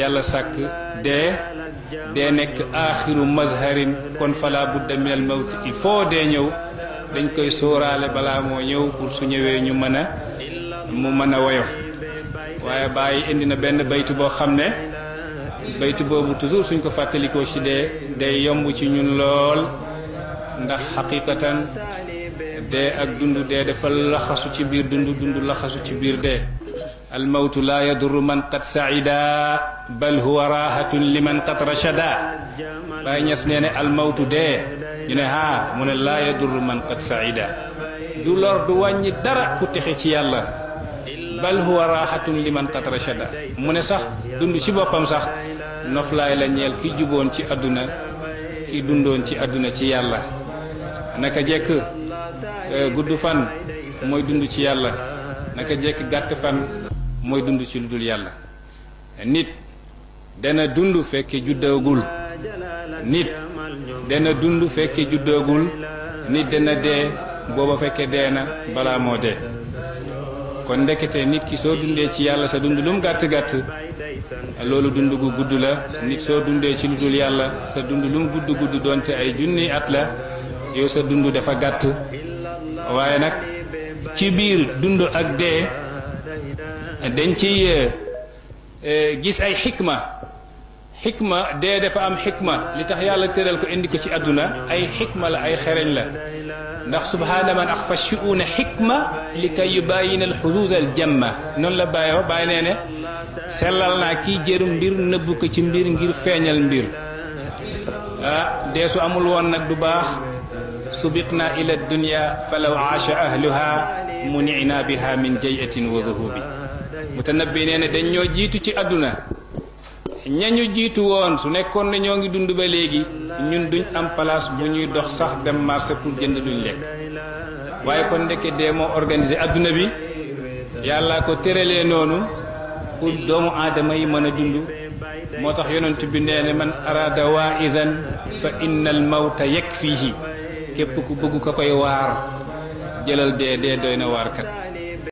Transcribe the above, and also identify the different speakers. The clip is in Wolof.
Speaker 1: yàlla sàkk dee dee nekk aaxiru mazharin kon fala budda min al il faut dee ñëw dañ koy sóoraale balaa moo ñëw pour su ñëwee ñu mën a mu mën a woyof waaye bàyyi indi na benn baytu boo xam ne baytu boobu toujours suñ ko fàttalikoo ci dee day yomb ci ñun lool ndax xaqiqatan dee ak dund dee dafa laxasu ci biir dund dund laxasu ci biir dee almawtu laa yadurru man qad saida bal huwa rahatun liman qad rachada Baay Ñas nee ne almawtu dee ñu ne haa mu ne laa yadurru man qad saida du lor du wàññi dara ku texe ci yàlla bal huwa rahatun liman qad rachada mu ne sax dund ci boppam sax noflaay la ñeel ki juboon ci àdduna ki dundoon ci àdduna ci yàlla naka jekk eh, gudd fan mooy dund ci yàlla naka jekk gàtt fan mooy dund ci lu dul yàlla nit dana dund fekke juddoogul nit dana dund fekke juddoogul nit dana dee booba fekke dee na balaa moo dee kon ndekete nit ki soo dundee ci yàlla sa dund lu mu gàtt gàtt loolu dund gu gudd la nit soo dundee ci lu dul yàlla sa dund lu mu gudd gudd doonte ay junni at la yow sa dund dafa gàtt waaye nag ci biir dund ak dee dañ ci gis ay hikma xikma dee dafa am hikma li tax yàlla tëral ko indi ko ci àdduna ay xikma la ay xereñ la ndax subhaana man axfa shuuna xikma li kay yubaayina alxuduud aljamma noonu la bàyyi ba bàyyi nee ne sellal naa kiy jëru mbir nëbb ko ci mbir ngir feeñal mbir ah dee su amul woon nag du baax subiqna ila dunya falaw aasha ahluha munina biha min jayatin wa dhuhubi mutanabbi nee na dañ ñoo jiitu ci àdduna ñañu jiitu woon su nekkoon ne ñoo ngi dund ba léegi ñun duñ am place bu ñuy dox sax dem marché pour jënd luñ lekk waaye kon ndekke dee moo organisé àdduna bi yàlla ko tëralee noonu pour doomu aadama yi mën a dund moo tax yonent bi nee ne man araada waa idan fa innal mawta yakfihi képp ku bëggu ko koy waar jëlal dee dee doy na waarkat